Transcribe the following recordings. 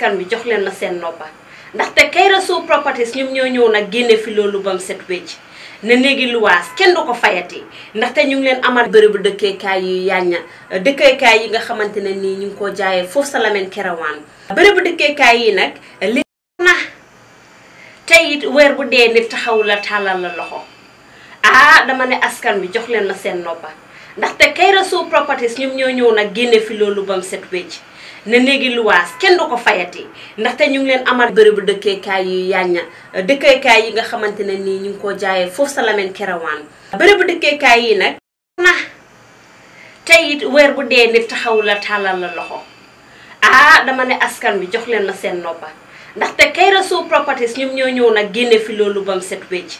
kan bi jox leen na seen noppa ndaxte Kairó Show Properties ñoom ñoo ñëw nag génne fi loolu bam set wecc ne néegi luwaas kenn du ko fayati ndaxte ñu ngi leen amal bërëbu dëkkeekaay yu yàñña dëkkeekaay yi nga xamante ne nii ñu ngi ko jaayee foofu sa Lamin Kerewan bërëbu dëkkeekaay yi nag li na bu dee nit taxaw la tàllal la loxo ah, dama ne askan bi jox leen na seen noppa ndaxte Kairó Show Properties ñoom ñoo ñëw nag génne fi loolu bam set wecc ne néegi luwaas kenn du ko fayati ndaxte ñu ngi leen amal bërëbu dëkkeekaay yu yàñña dëkkeekaay yi nga xamante ne nii ñu ngi ko jaayee foofu sa Lamin Kerewan bërëbu dëkkeekaay yi nag na tey weer bu dee nit taxawula tàllal la loxo ah dama ne askan bi jox leen ma seen noppa ndaxte Kayra Show Properties ñoom ñoo ñëw nag génne fi loolu bam set wecc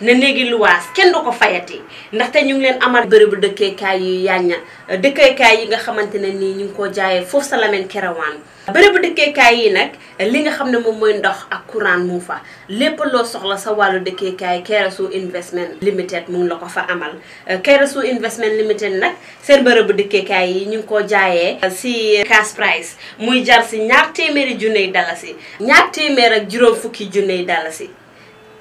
ne néegi luwaas kenn du ko fayati ndaxte ñu leen amal bërëbu dëkkeekaay yu yàñña dëkkeekaay yi nga xamante ne nii ñu ngi koo jaayee foofu sa Lamine Kerewan bërëbu dëkkeekaay yi nag li nga xam ne moom mooy ndox ak courant mu fa lépp loo soxla sa wàllu dëkkeekaay Keresu Investment Limited mu ngi la ko fa amal Keresu Investment Limited nag seen bërëbu dëkkeekaay yi ñu ngi ko jaayee si cash muy jar si ñaar téeméeri junney dalasi ñaar téeméer ak juróom fukki junney dalasi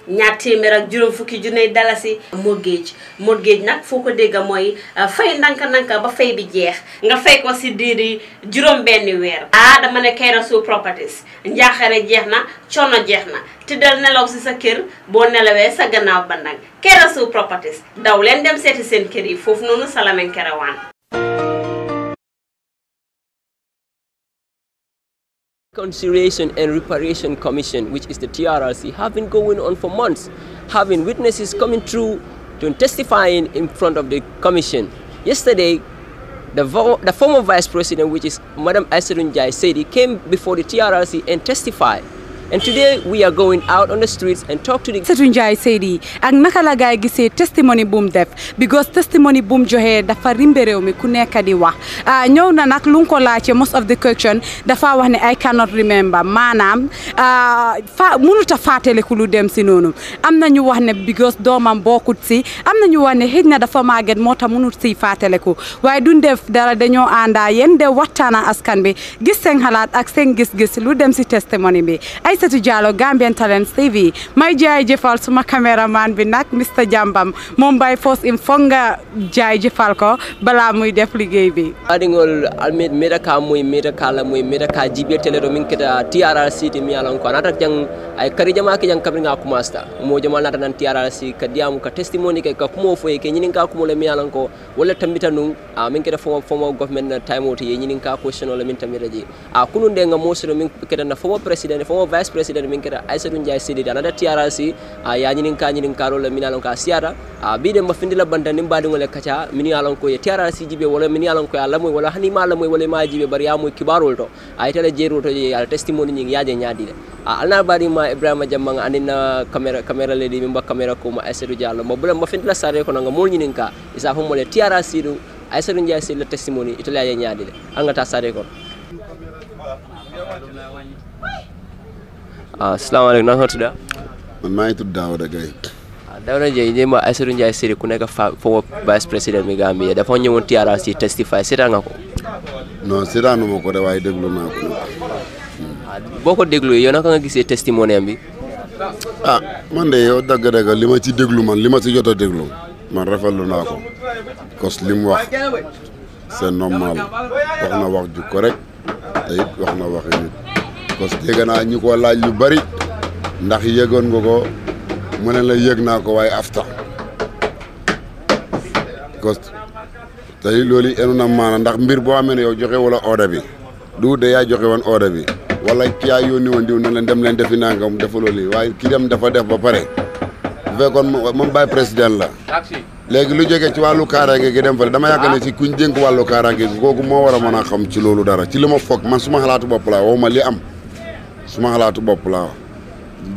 ñaar téeméer ak juróom fukki junni dalasi mortgage mortgage nag foo ko dégg mooy euh, fay nanka-nanka ba fay bi jeex nga fay ko si diiri juróom benn weer ah dama ne Kairó Show Properties njaaxare jeex na coono jeex na tëddal nelaw si sa kër boo nelawee sa gannaaw ba nag Kairó Show Properties daw leen dem seeti seen kër yi foofu noonu Salameng Kerewan Reconciliation and Reparation Commission, which is the TRRC, have been going on for months, having witnesses coming through to testifying in front of the commission. Yesterday, the, the former vice president, which is Madam Aisirun Jai Sedi, came before the TRRC and testified. and today we are going out on the streets and talk to the. Seetu Njie Seydi ak naka la gaay gisee testimony bu mu def because testimony bu mu joxee dafa rimbe réew mi ku nekk di wax ah, ñëw na nag lu ko laajte most of the question dafa wax ne I cannot remember maanaam ah, fa mënut a fàttaliku lu dem si noonu am na ñu wax ne because doomam bokkut si am na ñu wax ne xëj na dafa màgget moo tax mënut si fàttaliku waaye duñ def dara dañoo àndaa yéen de waxtaana askan bi gis seen ak seen gis-gis lu dem si testimony bi. Aissatou Diallo Gambian Talents TV may jaay jëfal suma caméraman Binak, Mr Jambam Mumbai force in Fonga, Jai jaay jëfal ko balaa muy def liggéey bi aɗigol mbeɗa ka muy mbeɗa kala muy mbeɗa ka jiɓirtele ɗo min keta TRRC ti mi alan ko anata jang ay kari jama ke jang kabri nga commence mo jama nata nan TRRC ka diyamu ka testimony ke ka kumo foye ke ñinin ka le mi alan ko walla tambita nun a min keta fomo fomo government time o ti ye ñinin ka question o le min tambita je a kunun de nga mo sino min keta na fomo president fomo vice vice president min keta aissatou ndiaye sédidi anada trc a ya ñinin ka ñinin kaaro la min alon ka siyata a bi de mafindi la banta nim baadi kaca min alon ko ye trc jibe wala min alon ko ala moy wala hani ma ma jibe bari ya kibarol to ay tele jeru to ye ala testimony ñi yaaje ñaadi a alna baadi ma ibrahima jammanga anina camera caméra ledi min ba caméra ko ma aissatou diallo mo bulam mafindi la sare ko nga mol ñinin ka isa fo mole trc aissatou ndiaye sédidi la testimony itala ye ñaadi sare ko waaw ah, salaamaaleykum na nga tudd man maa ngi tudd Daouda yi waaw ah, Daouda ma Aïssatou Ndiaye Siré ku nekk fa former vice président bi Gambie dafa ñëwoon TRRC si testify seetaan nga ko non seetaanu ma ko de waaye déglu naa ko ah, boo ko déglu yow naka nga gisee testimonial bi ah man de yow dagg-dagg li ma ci déglu man li ma ci jot a ko parce que li mu normal wax na wax ju correct te it wax na waxi nit parce que dégg naa ñi ko laaj lu bari ndax yëgoon nga ko mu ne la yëg naa ko waaye afta cos tey loolu enu na maana ndax mbir boo xamee ne yow joxe wala ordre bi du de yaa joxe woon ordre bi wala ki yaa yónni woon diw ne leen dem leen defi nangam defa loolu waaye ki dem dafa def ba pare bu fekkoon moom bàyyi président la léegi lu jege ci wàllu kaaraange gi dem fële dama yàgg ne si kuñ dénk wàllu kaaraange gi kooku moo war a mën a xam ci loolu dara ci lu ma foog man suma xalaatu bopp laa ma li am suma xalaatu bopp laa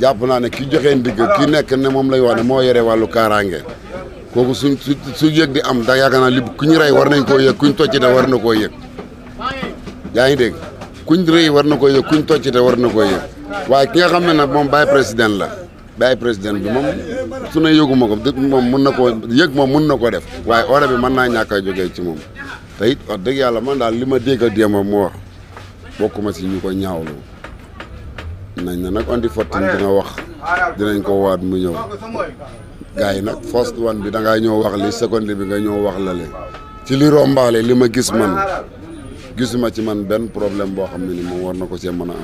jàpp naa ne ki joxe ndigg ki nekk ne moom lay wax ne moo yore wàllu kaaraange kooku suñ su su yëg di am da yaakaar naa li ku ñu rey war nañ koo yëg kuñ tocc te war na koo yëg ngi dégg kuñ rëy war na koo yëg kuñ tocc war na koo yëg waaye ki nga xam na nag moom baay président la baay président bi moom su ne yëguma ko moom mun na koo yëg moom mun na ko def waaye ore bi mën naa ñàkk a jógee ci moom te it wax dëgg yàlla man daal li ma dégg a démb moo wax bokkuma si ñu ko ñaawlu nañ na nag andi fottin dina wax dinañ ko waat mu ñëw gars nag first one bi da ngaa ñëw wax li seconde bi nga ñëw wax la le ci li rombaale li ma gis man gisuma ci man benn problème boo xam ne ni moom war na ko see mën a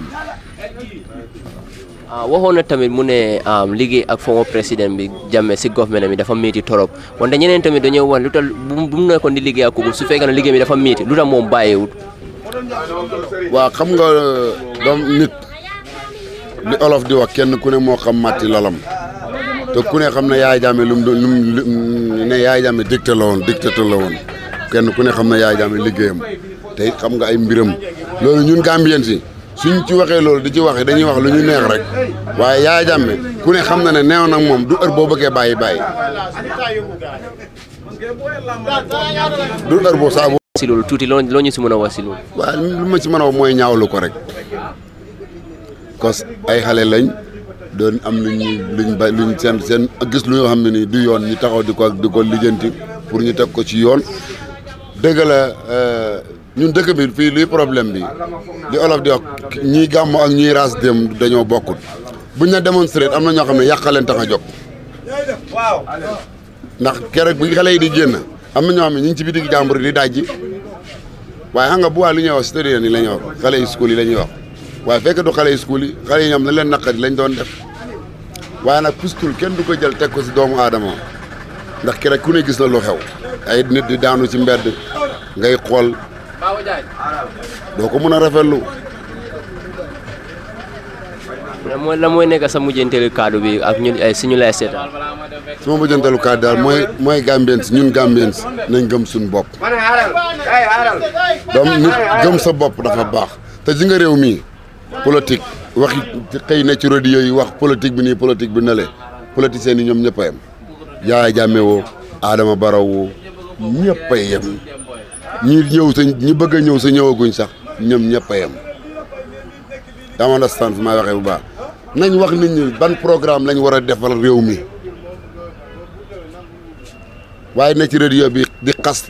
am ah, waxoon na tamit mu ne liggéey ak former président bi Jammeh si government mi dafa miiti torop wante ñeneen tamit dañoo wax lu tax mu nekkoon di liggéey ak fekkee ne liggéey bi dafa miiti lu tax moom bàyyiwut waaw xam nga doom li olof di wax kenn ku ne moo xam màtti lalam te ku ne xam ne yaay jàmme lu mu lu ne yaay jaame dicté la woon dictateur woon kenn ku ne xam na yaay jaame liggéeyam tey xam nga ay mbiram loolu ñun gambien si suñ ci waxee loolu di ci waxee dañuy wax lu ñu neex rek waaye yaay jaame ku ne xam na ne neew nag moom du heure boo bëggee bàyyi bàyyi du heure boo saa si loolu tuuti loo ñu si mën a wax si loolu lu ma ci mën a wax mooy ñaawlu ko rek kos ay xalé lañ doon am nañ ñuy luñ bay luñ sen sen gis lu xamni ni du yoon ñu taxaw diko ko di ko pour ñu tek ko ci yoon deug la euh ñun dëkk bi fi li problème bi di olof di wax ñi gam ak ñi ras dem dañoo bokkut buñ na démonstrer am na ño xamni ne taxa jox waaw ndax kër ak bu xalé yi di génn am na ño xamni ñi ci bitig jàmbur di dajji waye nga bu wa li ñuy wax stade ni la wax xalé yi school yi la wax waaye fekk du xale yi school yi ñam yi ñoom na leen naqari doon def waaye nag puskul kenn du ko jël teg ko si doomu aadama ndax ki ku ne gis na lu xew ay nit di daanu ci mbedd ngay xool doo ko mën a rafetlu mooy la mooy nekk sa mujjanteelu kaddu bi ak ñun ay suñu lay seetaan sama mujjanteelu kaddu daal mooy mooy gambien si ñun gambien si nañ gëm suñu bopp doom nit gëm sa bopp dafa baax te ji nga réew mi politique waxi xëy na ci radio yi wax politique bi nii politique bi nale politiciens yi ñoom ñëpp a yem Yaya Jammeh woo Adama Barrow woo ñëpp a yem ñi ñëw sa ñi bëgg ñëw sa ñëwaguñ sax ñoom ñëpp yem dama understand fi may waxee bu baax nañ wax nit ñi ban programme lañu war a defal réew mi waaye na ci radio bi di xas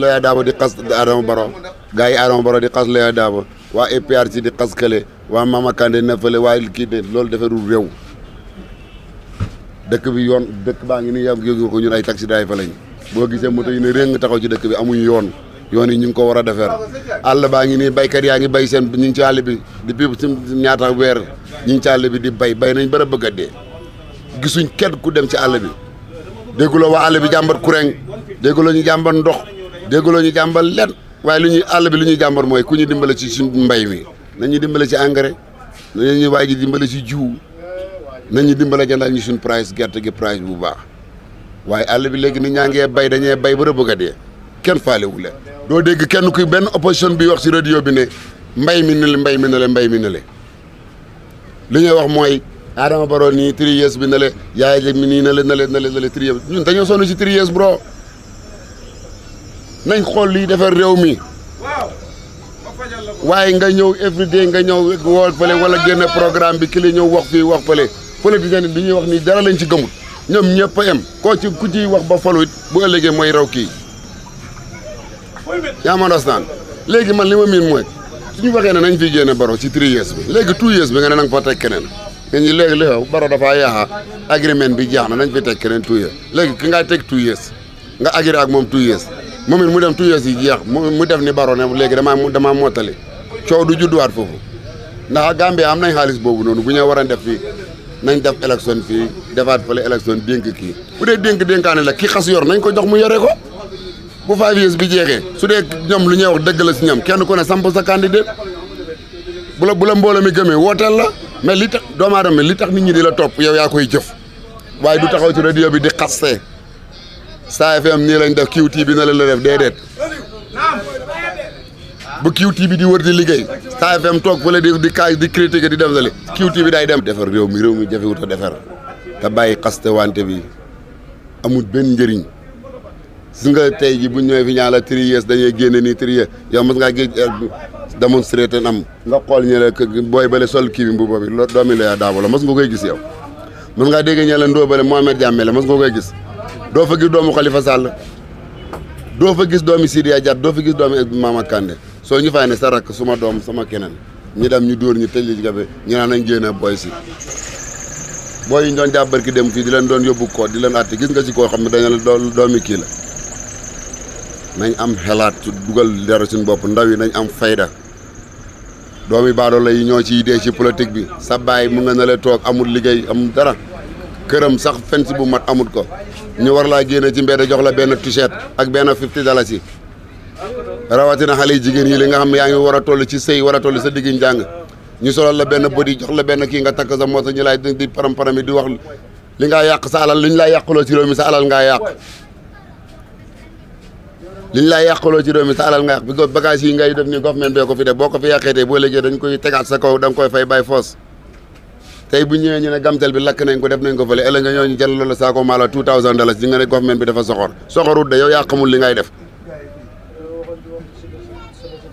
Yaya Dabo di xas Adama Barrow gars yi Adama Barrow di xas Yaya Dabo waa APRC di xaskale waa Mama Kandé nafale waa kii de loolu defarul réew dëkk bi yoon dëkk baa ngi ni yam yëg ko ñun ay taxi daay fa lañ boo gisee moto yi ne réng taxaw ci dëkk bi amuñ yoon yoon yi ñu ngi ko war a defar àll baa ngi nii baykat yaa ngi bay seen ñu ngi ci àll bi depuis si ñaata weer ñu ngi ci àll bi di bay bay nañ bara bëgg a dee gisuñ kenn ku dem ci àll bi dégguloo waa àll bi jàmbat kuréng dégguloo ñu jàmbat ndox dégguloo ñu jàmbat lenn waaye lu ñuy àll bi lu ñuy jàmbar mooy ku ñu dimbale ci suñ mbay mi nañu dimbale ci engrais ñu waay ji dimbale ci jiw nañu dimbale jëndal ñu suñ price gerte gi price bu baax waaye àll bi léegi nit ñaa ngee bay dañee bay ba rëbb a dee kenn faale wu leen doo dégg kenn kuy benn opposition bi wax si radio bi ne mbay mi ne li mbay mi ne le mbay mi ne le li ñuy wax mooy Adama Barrow nii three years bi ne le yaay mi nii ne le ne le ne le three dañoo sonn si three years nañ xool liy defar réew mi waaye nga ñëw everyday nga ñëw wool fële wala génn programme bi ki la ñëw wax fii wax fële politicien bi ñuy wax nii dara lañ ci gëmul ñoom ñëpp a yem koo ci ku ciy wax ba falu bu ëllëgee mooy raw kii yaa ma naan léegi man li ma miin mooy suñu waxee ne nañ fiy génne baro ci three years bi léegi two bi nga ne nanga fa teg keneen nga ñu léegi li xew baro dafaa yaaxa agreement bi jaax na nañ fi teg keneen two léegi ki nga teg two nga agré ak moom two years moom mu dem tuuti si jeex mu def ni baro ne léegi dama damaa mottali coow du wat fofu ndax gambie am nañ xaliss bobu nonu bu ñe war a def fi nañ def élection fii defaat fële élection denk ki bu dee denk dénkaane la ki xass yor nañ ko jox mu yoré ko bu five years bi jeexee su dee ñom lu ñe wax dëgg la si ñam kenn ko ne samp sa candidat bu la bu la mbooloo mi gëmee wooteel la mais li tax doomu aadama li tax nit ñi di la top yow ya koy jëf waye du taxaw ci radio bi di xassé Star FM nii lañ def QTV na leen la def déedéet bu QTV di wër di liggéey Star FM toog fële di di kaay di critiquer di def la li QTV day dem. defar réew mi réew mi jafewut a defar te bàyyi xaste wante bi amul benn njëriñ si nga tey ji bu ñëwee fi ñaa la trier dañuy génne nii trier yow mos ngaa gis eh, démonstré te am nga xool ñu ne booy bale sol kii bu mbuba bi doomi la yaa daaw la mos nga koy gis yow mos ngaa dégg ñu ne la ndóobale Mohamed Diame koy gis. do fa gis doomu Khalifa Sall do fa gis doomu Sidiya Diatta do fa gis doomu Mama kande So ñu fay ne sarak suma doom sama kenen ñi dem ñu door ñu telli li ñu na nañ génne boy si Boy yi ñon jabar ki dem fi di leen doon yobbu ko di leen atti gis nga ci ko xamne dañ la doomi ki la nañ am helat dugal dara suñ bop ndaw yi nañ am fayda doomi baado lay ñoo nyi ide ci politique bi sa bay mu nga na le tok amul liggey amul dara këram sax fenn bu mat amul ko ñu war la génne ci mbedd jox la bénn t-shirt ak 50 fifty yi rawati na xalé jigen yi li nga xam ya ngi wara tollu ci sey wara tollu sa digg jang ñu solal la bénn body jox la bénn ki nga tak sa moto ñu lay di param parami di wax li nga yaq sa alal li la yaqulo ci réew mi sa alal nga yaq liñ la yaqulo ci sa alal nga yaq bi bagage yi ngay def ni government be ko fi def boko ko fi yàqeetee bo léegi dañ koy tegaat sa kaw dang koy fay bay force tey bu ñëwee ñu ne gamtel bi lakk nañ ko def nañ ko fële ëllëg nga ñëw ñu saako maalo two thousand dollars di nga ne government bi dafa soxor soxorut de yow yaa xamul li ngay def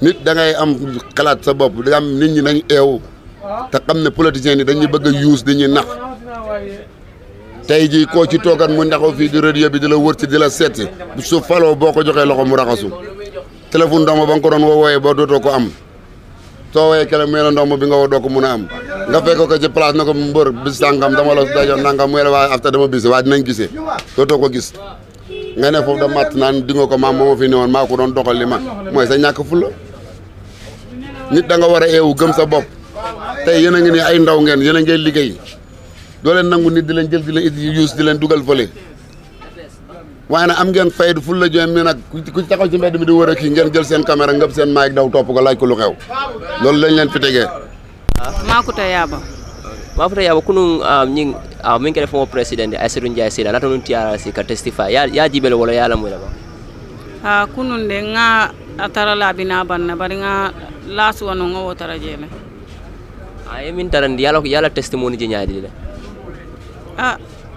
nit da am xalaat sa bopp da am nit ñi nañ eew te xam ne politiciens yi dañuy bëgg a yuus di ñuy nax tey jii koo ci toogat mu ndaxaw fii di radio bi di la wër si di la seet si su faloo boo ko joxee loxo mu raxasu téléphone ndox ma ba nga ko doon woo wooyee boo dootoo ko am soo wooyee kele mu la ndox ma bi nga woo ko mun a am nga fekk ko ci place na ko mbër bis sàngam dama la dajoon nangam mu yore waaye afta dama bis waaye dinañ gisee dootoo ko gis nga ne foofu da mat naan di ko maam moo fi newoon maa ko doon doxal li ma mooy sa ñàkk fulla nit da war a eewu gëm sa bopp tey yéen a ngi nii ay ndaw ngeen yéen a liggéey doo leen nangu nit di leen jël di leen it yuus di leen dugal fële waaye nag am ngeen faydu fulla joon mi nag ku taxaw ci mbedd mi di wër a kii ngeen jël seen caméra ngëb seen maay daw topp ko laaj ko lu xew lañ leen fi tegee makuta yaba mafuta yaba kunu um, nyin uh, um, min kele fomo president asiru njaya sila nata nun tiara si ka testify ya, ya jibele wala ya lamu ba ha kunun de nga atara na banna bari nga lasu wano nga wotara jele aye ah, min tarandi yala yala testimony je nyaadi le a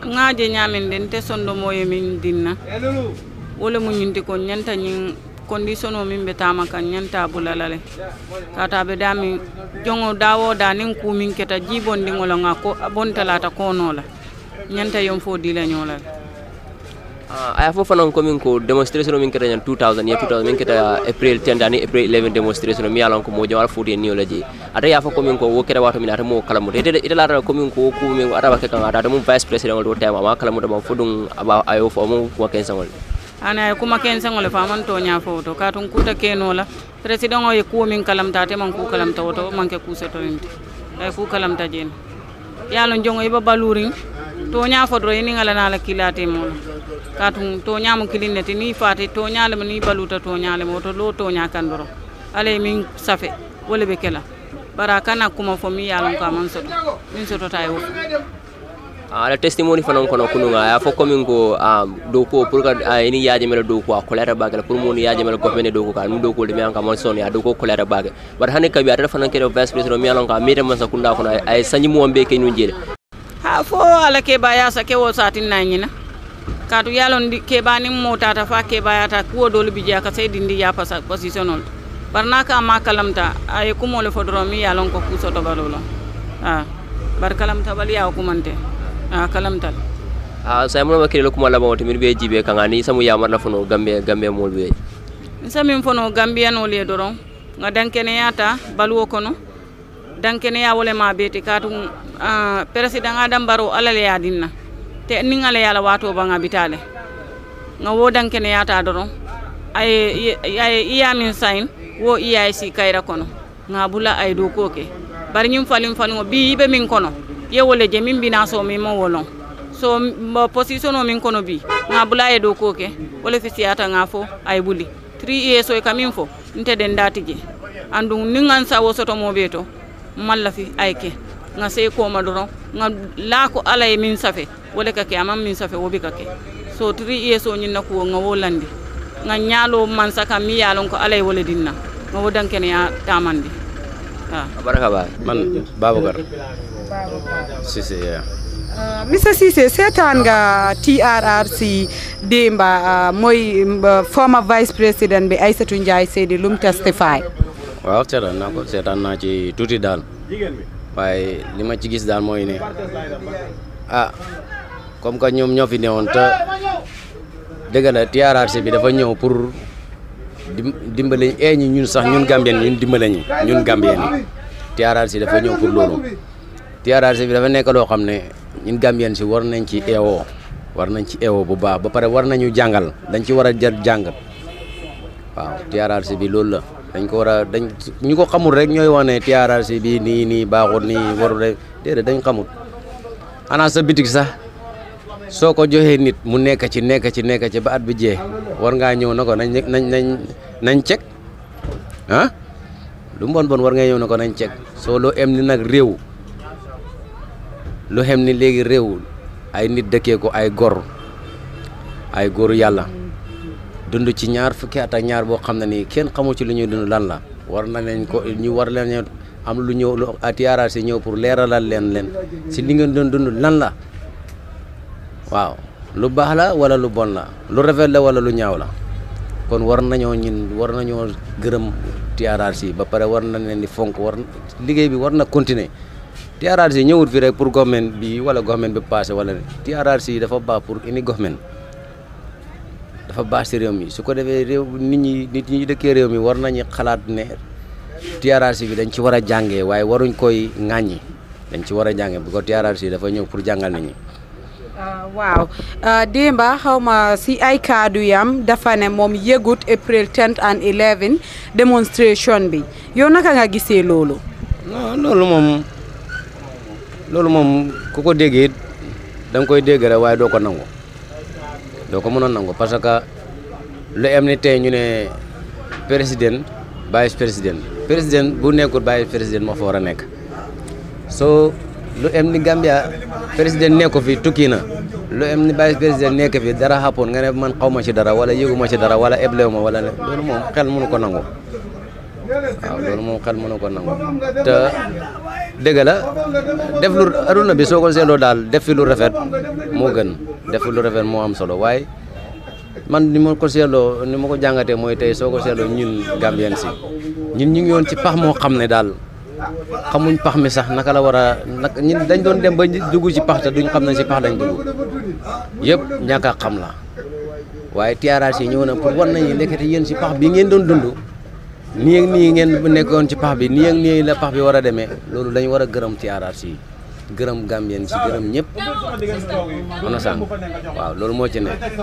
nga je nyamen den te sondo moye min dinna wala mu nyindi ko nyanta nyin condition o min be tama kan ñanta bulala le kata be dami jongo dawo da nin ku min keta jibon di ngolo nga ko ko no la ñanta yom fo di la ñola la Uh, aya fo fanan komin ko demonstration min keta ñan 2000 ya 2000 min keta april 10 dani april 11 demonstration mi yalon ko mo jowal jamal fudi ni ji ada ya fo ko min ko wo keta wato min ata mo kala kalamu de ite la ko min ko ko min ata ba ke kan ata mo vice president o do tema ma kala kalamu do mo fudun aba ayo fo mo ko ken wol ana ye kuma kenseŋo le faaman to ñaafo woto kaatun kuuta keno la présidenŋo ye kuwo miŋ kalamta ate maŋ kuu kalamta woto wo maŋ ke kuu sotoyin ti aye kuu kalamta jeeni ye a loŋ joŋo i ba baluuriŋ toña fodoro i niŋa la naa la kiilaate moo la kaatuŋ toña mu kiliŋ ne ti niŋ faate toña lemu niŋ baluuta toña lemu woto loo toña kaŋ doro alla ye miŋ safe wo le be ke la bari a kana kuma fo miŋ ye a loŋ ko a maŋ soto miŋ sotota ye wo ala ah, testimoni fana kono kununga ya fo komin go do ko pour ka uh, ini yaje mel ko a kolera bagal pour mon yaaje mel ko fene doko kan mun doko demi anka mon son ya ko kolera bagal bar hanen kabi ada fana kero vice president mi alonka mi dem sa kunda kono ay sanyi mo mbé ke nyunjele ha fo ala ke ya sa ke wo satin ka katu yalon ke ni mo tata fa ke ya ta kuwo dolu ja ka sai dindi ya sa position bar naka ma kalamta ay fodro mi yalon ko kuso to balolo ha bar kalamta bal ya kumante Ah, ah, a kalamtal a saymono ma kirelo kuma labaŋo ti be jibe kaŋa ni samu yamar la fono gambe gambe moolu be nsa min fono gambiyanolu ye doroŋ nŋa dankeneyata baluwo kono dankeneya wo le maa beti ti kaatu uh, peresidaŋ adam baro alla le ye dinna te niŋ ala ye la waatoo ba bita le nŋa wo dankeneyata doroŋ aye i ye a min sayin wo i si kayra kono nŋa bula ay ye dookuwo bari ñiŋ falim faliŋo bi i be kono ye wo le je min bina so min ma wolon so position min kono bi nga bula ye do ko ke wo le fisiyata nga fo ay buli 3 years o ka min fo nte den dati je andu ni ngan sa wo soto mo beto malla fi ay ke nga sey ko ma doron nga la ko ala ye min safe wo le ka ke amam min safe wo bi ka ke so 3 years o nyinna ko nga wo landi nga ñaalo man saka mi yaalon ko alay wala dinna nga wo dankene ya tamandi ah baraka ba man babakar Cissé yeah. Uh, Mr Cissé seetaan nga TRRC démba uh, mooy uh, former vice président bi Aïssatou Ndiaye Seydi lum testify waaw seetaan naa ko seetaan naa ci tuuti daal waaye li ma ci gis daal mooy ne ah comme que ñoom ñoo fi newoon te dëgg TRRC bi dafa ñëw pour dimbale ee eh, ñi ñun sax ñun gambien ñun dimbale ñi ñun gambien TRRC dafa ñëw pour loolu Tiara bi dafa nek lo xamne ne ñun Gambien si war nañ ci ewo war nañ ci ewo bu ba ba pare war nañu jangal. dañ ci war a jël jàngal waaw TRRC bi lool la dañ ko wara dañ ñuko xamul rek ñoy wone ne sibi bi ni nii baaxul ni waru rek dede dañ xamul ana sa bitik sax soko joxe nit mu nek ci nek ci nek ci ba at bi je war nga ñew nako nañ nañ nañ nañ cek ah lu mbon bon war nga ñew nako nañ cek so lo em ni nak rew lu xem ni léegi réew ay nit dëkkee ko ay gor ay góoru yàlla dund ci ñaar fukki at ñaar boo xam ne nii kenn xamu ci lu ñuy dund lan la war na leen ko ñu war leen am lu ñëw lu atiyaara ñëw pour leeralal leen leen si li ngeen doon dund lan la waaw lu baax la wala lu bon la lu rafet la wala lu ñaaw la kon war nañoo ñun war nañoo gërëm tiyaaraar si ba pare war na leen di fonk war liggéey bi war na continuer TRRC ñëwut fi rek pour government bi wala government bi passé wala ne TRRC dafa baax pour indi government dafa baax si réew mi su ko defee réew nit ñi nit ñi dëkkee réew mi war nañu xalaat ne TRRC bi dañ ci war a jàngee waaye waruñ koy ŋàññi dañ ci war a jàngee bu ko TRRC dafa ñëw pour jàngal nit ñi. Ah, waaw ah, Demba xaw ma si ay kaadu yam dafa ne moom yëgut April 10 and 11 demonstration bi yow naka nga gisee loolu. loolu moom. loolu moom ku ko dégg it koy dégg rek waaye doo ko nangu doo ko mën a nangu parce que lu am ni tey ñu ne président vice président président bu nekkul vice président moo fa war a nekk soo lu am ni Gambia président nekku fi tukki na lu am ni vice président nekk fi dara xàppoon nga ne man xaw ma ci dara wala yëgu ma ci dara wala éblewu ma wala loolu moom xel mënu ko nangu. waaw ah, mo moom mo kan mënu ko nangu te dëgg la def lu aduna bi soo ko seetloo daal def fi lu rafet moo gën def lu rafet am solo waaye man ni mo ko seetloo ni mo ko jàngatee mooy tey soo ko seetloo ñun Gambien si ñun ñu ngi yoon ci pax moo xam ne daal xamuñ pax mi sax naka la war a nag ñun dañ doon dem ba dugg ci pax te duñ xam ne si pax lañ dugg yëpp ñàkk xam la waaye tiara yi ñëw na pour war nañu nekkati si pax bi ngeen doon dund nii ak nii ngeen nekkoon ci pax bi nii ak nii la pax bi war a demee loolu dañu war a gërëm ci arab si gërëm gambien si gërëm ñëpp ono san waaw loolu moo ci nekk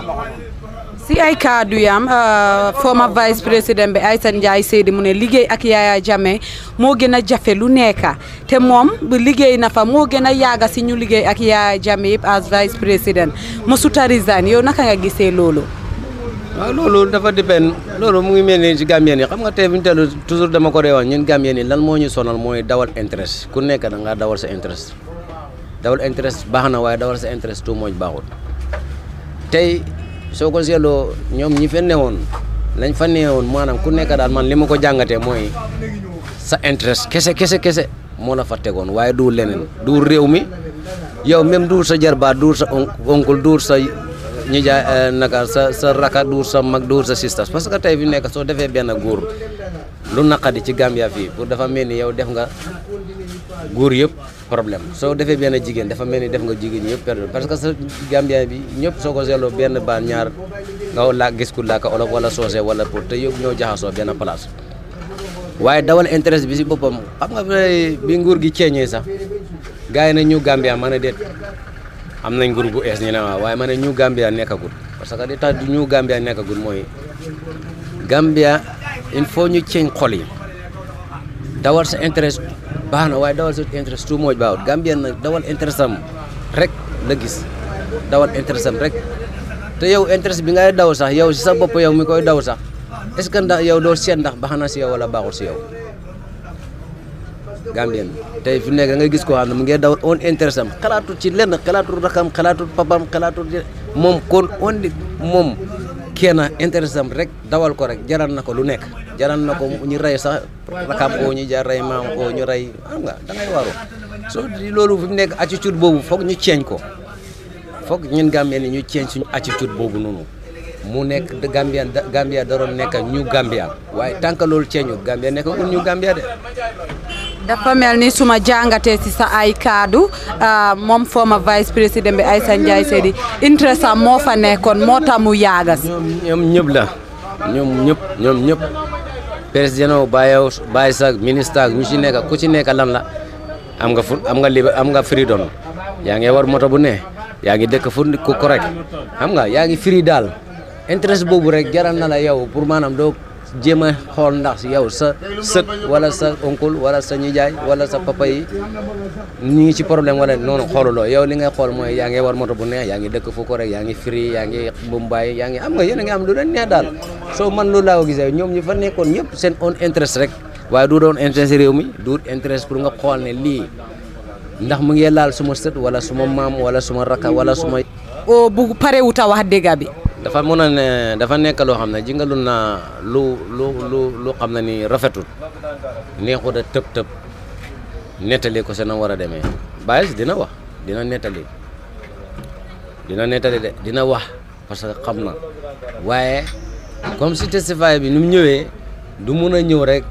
si ay kaddu yam euh, former vice président bi Aïssa Ndiaye Seydi mu ne liggéey ak Yaya Jammeh moo gën a jafe lu nekka te moom bu liggéey na fa moo gën a yaaga si ñu liggéey ak Yaya Jammeh yëpp as vice président masuta resign yow naka nga gisee loolu waaw loolu dafa dépend loolu mu ngi mel ni ci Gambien yi xam nga tey bu ñu toujours dama ko dee wax ñun Gambien yi lan moo ñu sonal mooy dawal interest ku nekk da ngaa dawal sa interest dawal interest baax na waaye dawal sa interest tout mooy baaxul tey soo ko seetloo ñoom ñi fa woon lañ fa woon maanaam ku nekk daal man li ma ko jàngatee mooy sa interest kese kese kese moo la fa tegoon waaye du leneen du réew mi yow même du sa jarbaat du sa oncle du sa ñu jaay eh, naka sa sa raka duur sa mag duur sa sistas parce que tey fi nekk soo defee benn góor lu naqadi ci Gambia fii pour dafa mel ni yow def nga góor yëpp problème soo defee benn jigéen dafa mel ni def nga jigéen yëpp perdre parce que sa Gambien bi ñëpp soo ko seetloo benn baan ñaar nga laa gis ku làkk olof wala soose wala pour te yëpp ñoo jaxasoo benn place waaye dawal intérêt bi si boppam xam nga bi nguur gi ceeñee sax gars yi na ñu Gambia mën a déet am nañ groupe gu ees ñu ne waaw waaye man ne ñu Gambia nekkagul parce que li tax du ñu Gambia nekkagul mooy Gambia il faut ñu ceeñ xol yi dawal sa intérêt baax na waaye dawal sa intérêt tout mooy baaxut Gambien nag dawal intérêt am rek la gis dawal intérêt am rek te yow intérêt bi ngay daw sax yow si sa bopp yow mi koy daw sax est ndax yow doo seet ndax baax na si yow wala baaxul si yow Gambien bi tay fi nek nga gis ko xamne mu ngi daw on intérêt am xalaatul ci lenn xalaatul rakam xalaatul papam xalaatul mom kon on mom kena intérêt am rek dawal ko rek jaral nako lu nek jaral nako ñu ray sax rakam oo ñu jar ray mam oo ñu ray xam nga da ngay waru di lolu fi nek attitude bobu foog ñu ceeñ ko foog ñun gambien ni ñu ceeñ suñu attitude bobu nunu. mu de Gambia Gambia daron nek ñu Gambia waaye tant que loolu Gambia nek ñu Gambia de dafa mel ni su ma jàngatee si sa ay kaddu euh, moom former vice président bi Aïssa Ndiaye Seydi intéressant moo fa nekkoon moo tax mu yaagas. ñoom ñëpp la ñoom ñëpp ñoom ñëpp président bàyyi bàyyi sa ministre ak ñu ci nekk ku ci nekk lan la am nga fu am nga libre am nga freedom yaa ngi war moto bu ne yaa ngi dëkk fu ku correct xam nga yaa ngi free daal intérêt boobu rek jaral na la yow pour maanaam doo. jéem a xool ndax yow sa sët wala sa oncle wala sa nijaay wala sa papa yi ñu ngi ci problème wala noonu xooluloo yow li ngay xool mooy yaa ngi war moto bu neex yaa ngi dëkk fu rek yaa ngi firi yaa ngi Mumbai yaa ngi am nga yéen a ngi am lu leen neex daal soo man loolu laa ko gisee ñoom ñi fa nekkoon ñëpp seen on interest rek waaye du doon interest réew mi du interest pour nga xool ne lii ndax mu ngi laal suma sët wala suma maam wala suma rakka wala suma. Oh, dafa mën a ne dafa nekk loo xam ne jingalul naa lu lu lu lu xam nii ni rafetul neexut a tëb tëb nettali ko sa na war a demee Baye dina wax dina nettali dina nettali de dina wax parce que xam na waaye comme si testify bi nu mu ñëwee du mun a ñëw rek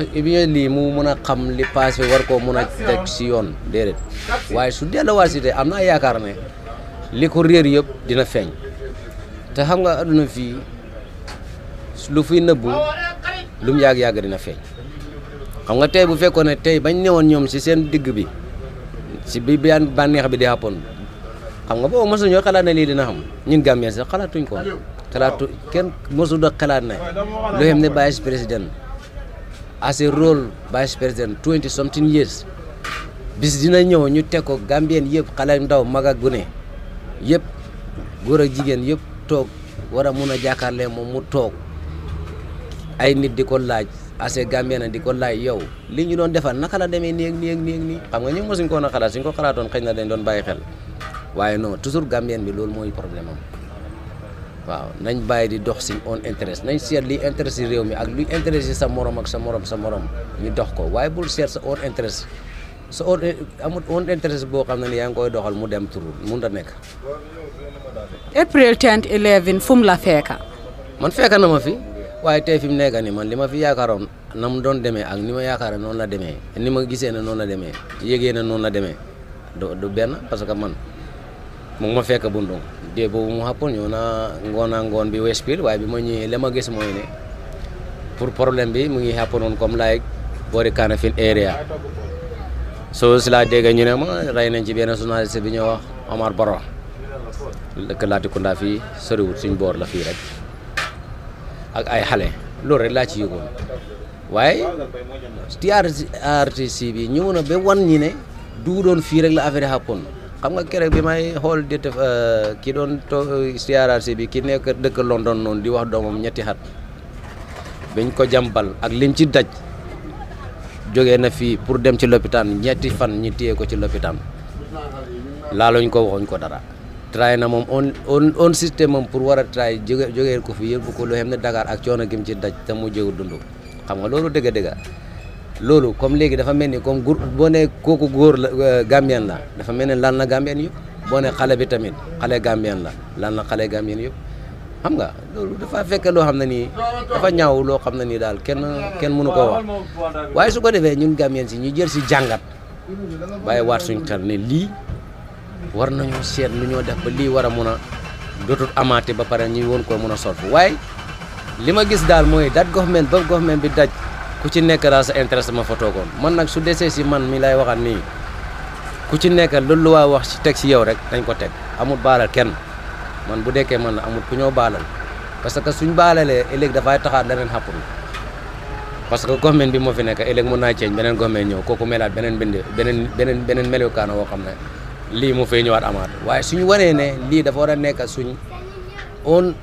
eh, eh, bien lii mu mun a xam li passé war koo mun a teg si yoon déedéet waaye su delloo waa si te am naa yaakaar ne li ko réer yëpp dina feeñ. te xam nga àdduna fii lu fiy nëbbu lu mu yàgg-yàgg dina feeñ xam nga tey bu fekkoon ne tey bañ newoon ñoom si seen digg bi si bi biyaan bànneex bi di xàppoon xam nga boobu mosu ñoo xalaat ne lii dina xam ñun gàmmeen sax xalaatuñ ko xalaatu kenn mosu da xalaat ne loo xam ne vice président assez rôle vice président twenty something years bis dina ñëw ñu teg ko gàmbeen yëpp xale ndaw mag ak gune yëpp góor ak jigéen yëpp toog war a mun a jàkkaarle moom mu toog ay nit di ko laaj assez gambien di ko laaj yow li ñu doon defal naka la demee nii ak nii ak nii xam nga ñu mosuñ ko woon a xalaat suñ ko xalaatoon xëy na dañ doon bàyyi xel waaye non toujours gambien bi loolu mooy problème am waaw nañ bàyyi di dox si on interest nañ seet liy intéressé réew mi ak luy intéressé sa moroom ak sa moroom sa moroom ñu dox ko waaye bul seet sa on interest sa on amul on interest boo xam ne ni yaa ngi koy doxal mu dem turul mun a nekk April 10 11 fu mu la feeka man feeka na ma fi waaye tey fi mu nekk nii man li ma fi yaakaaroon na mu doon demee ak ni ma yaakaar yaakaare noonu la demee ni ma gisee ne noonu la demee yégee ne noonu la demee du du benn parce que man mu ma fekk bundung dee boobu mu xàppoon ñëw naa ngoon naa ngoon bi Westfield waaye bi ma ñëwee la ma gis mooy ne pour problème bi mu ngi xàppoon comme like boori Kanifing area soo si laa dégg ñu ne ma rey nañ ci benn journaliste bi ñoo wax Omar Baro que Latrikunda fii soriwut suñ boor la fii rek ak ay xale loolu rek laa ci yëgoon waaye TRTC bi ñëw na ba wan ñi ne du doon fii rek la affaire yi xàppoon xam nga keroog bi may xool di def euh, ki doon to TRTC bi ki nekk dëkk London noonu di wax doomam ñetti xat biñ ko jàmbal ak lim ci daj jóge na fii pour dem ci lopitaan ñetti fan ñi ko ci lopitaan laaluñ ko waxuñ ko dara tray na moom on on on système moom pour war a tray jóge jógee ko fi yóbbu ko loo xam ne Dakar ak coono gi mu ci daj te mu jégu dund xam nga loolu dëgg dëgg loolu comme léegi dafa mel ni kom góor boo ne kooku góor la euh, Gambien la dafa mel ne lan la Gambien yëpp boo ne xale bi tamit xale Gambien la lan xale Gambien yëpp xam nga loolu dafa fekk loo xam ne nii dafa ñaaw loo xam ne nii daal kenn kenn mënu ko wax waaye su ko defee ñun Gambien si ñu jël si jàngat bàyyi waat suñ xel ni lii war nañu seet lu ñoo def ba lii war a mun a dootul amaate ba pare ñuy woon ko mun a solf waaye li ma gis daal mooy dat government ba government bi daj ku ci nekk daal sa intérêt ma fa toogoon man nag su desee si man mi lay waxaat nii ku ci nekk loolu lu waa wax ci teg si yow rek dañ ko teg amul baalal kenn man bu dekkee man la amul ku ñoo baalal parce que suñ baalalee ëllëg dafay taxaat leneen xàppul parce que government bi moo fi nekk ëllëg mun naa ceeñ beneen government ñëw kooku melaat beneen bind beneen beneen beneen melukaan woo xam ne lii mu fay ñëwaat amaat waaye suñu wanee ne lii dafa war a nekk suñ on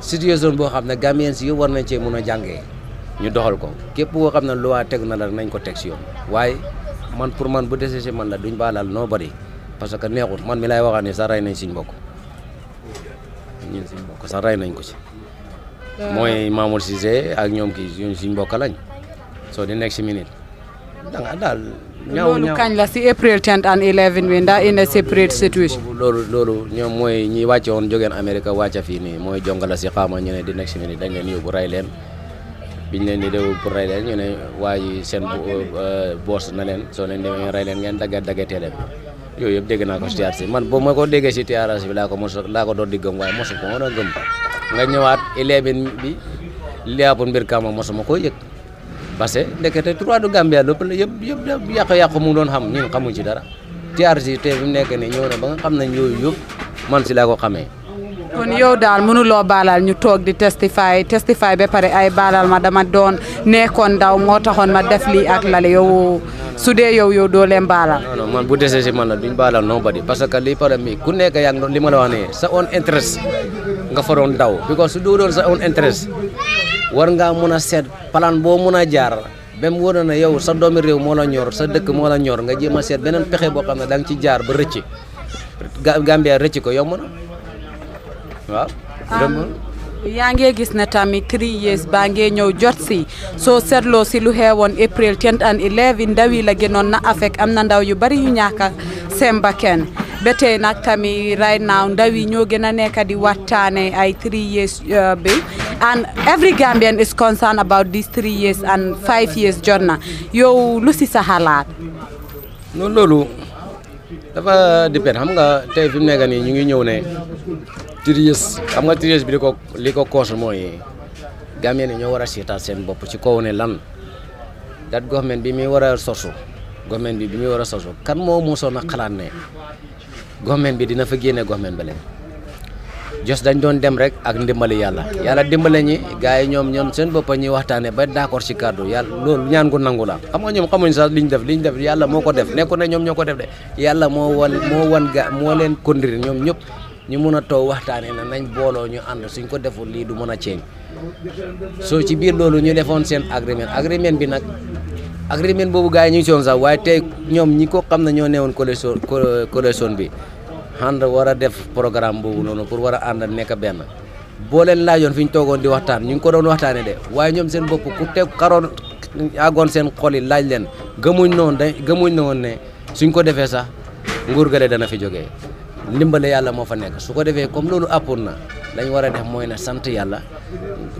situation boo xam ne Gambien si yëpp war nañ cee mun a jàngee ñu doxal ko képp koo xam na loi tegu na la nañ ko teg si yoon waaye man pour man bu desee man la duñ baalal noo bari parce que neexut man mi lay waxaat ni sax rey nañ suñ mbokk ñun suñ mbokk sax rey nañ ko si mooy Mamour Cissé ak ñoom kii suñ mbokk lañ soo di nekk si minute danga daal ñaaw ñaaw kañ la si april 10 and 11 bi ndax in a separate situation loolu loolu ñoom mooy ñi wàcce woon jógeen amérique wàcca fii nii mooy jongala si xaama ñu di nekk si ni dañ leen yóbbu ray leen biñ leen di dew pour ray leen ñu ne waa yi seen boos euh, na leen soo leen demee ray leen ngeen dagga daggatee leen yooyu yëpp dégg naa ko si théâtre si man boo ma ko déggee si bi laa ko mos laa ko doon di gëm waaye ko ma doon nga ñëwaat 11 bi li yàppoon mbir kàmma mosuma koo parce que ndekete trois du Gambia lépp yëpp yëpp yàqu-yàqu mu doon xam ñun xamuñ ci dara TRC te fi mu nekk nii ñëw na ba nga nañ yooyu yëpp man si laa ko xamee. kon yow mënuloo baalal ñu toog di testify testify ba pare ay baalal ma dama doon nekkoon ndaw moo taxoon ma def lii ak lale yow su dee yow yow doo leen baalal. non non man bu desee man la duñ baalal nobody parce que lii problème mi ku nekk yaa ngi doon li ma la wax ne sa own interest nga fa doon daw because war nga mëna sét plan bo mëna jaar bëm wona na yow sa doomi rew mo la ñor sa dëkk mo la ñor nga jëma sét benen pexé bo xamna dang ci jaar ba rëcc gambia rëcc ko yow mëna waaw ya um, nge gis na tammi 3 years ba nge ñew jot ci so setlo ci lu xeewoon april 10 and 11 ndawi la gënon na afek amna ndaw yu bari yu ñaaka semba ken bété nak tammi right now ndawi ñoo gëna a nekk di waxtaane ay 3 years uh, be and every Gambian is concerned about these three years and five years journey yow lu si sa xalaat. non loolu dafa dépend xam nga tey fi mu nekk nii ñu ngi ñëw ne three years xam nga three years bi li ko li ko cause mooy Gambian yi ñoo war a seetaat seen bopp ci kaw ne lan dat government bi muy war a sosu government bi bi muy war a sosu kan moo musoo na xalaat ne government bi dina fa génne government ba jos dañ doon dem rek ak ndimbali yàlla yàlla dimbale ñi gars yi ñoom ñoom seen boppa ñuy waxtaane ba d'accord ci kàddu yàlla loolu ñaan ko nangu la xam nga ñoom xamuñ sax liñ def liñ def yàlla moo ko def nekku ñoom ñoo ko def de yàlla moo wan moo wan ga moo leen kondir ñoom ñëpp ñu mun a toog waxtaane na nañ booloo ñu ànd suñ ko deful lii du mën a ceeñ soo ci biir loolu ñu defoon seen agreement agreement bi nag agreement boobu gars yi ñu ngi si sax waaye tey ñoom ñi ko xam ne ñoo neewoon coalition coalition bi ànd war a def programme boobu noonu pour war a ànd nekk benn boo leen laajoon fi ñu toogoon di waxtaan ñu ngi ko doon waxtaanee de waaye ñoom seen bopp ku teg karoon àggoon seen xol yi laaj leen gëmuñ noonu da gëmuñ na woon ne suñ ko defee sax nguur gale dana fi jógee ndimbale yàlla moo fa nekk su ko defee comme loolu àppoon na lañu war a def mooy na sant yàlla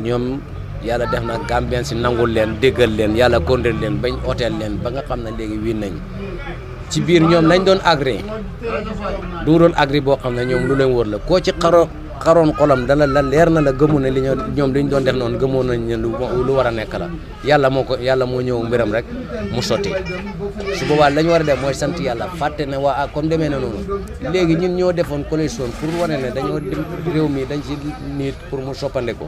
ñoom yàlla def na Gambien si nangul leen déggal leen yàlla kondel leen bañ oteel leen ba nga xam ne léegi wii nañ ci biir ñoom lañ doon agri du doon agri boo xam ne ñoom lu leen wër la koo ci xaro xaroon xolam dana la leer na la gëmu na li ñoom li ñu doon def noonu gëmoon nañ lu lu war a nekk la yàlla moo ko yàlla moo ñëw mbiram rek mu sotti su boobaa la war a def mooy sant yàlla fàtte ne waa ah comme demee na noonu léegi ñun ñoo defoon collection pour wane ne dañoo dem réew mi dañ ci niit pour mu soppandeku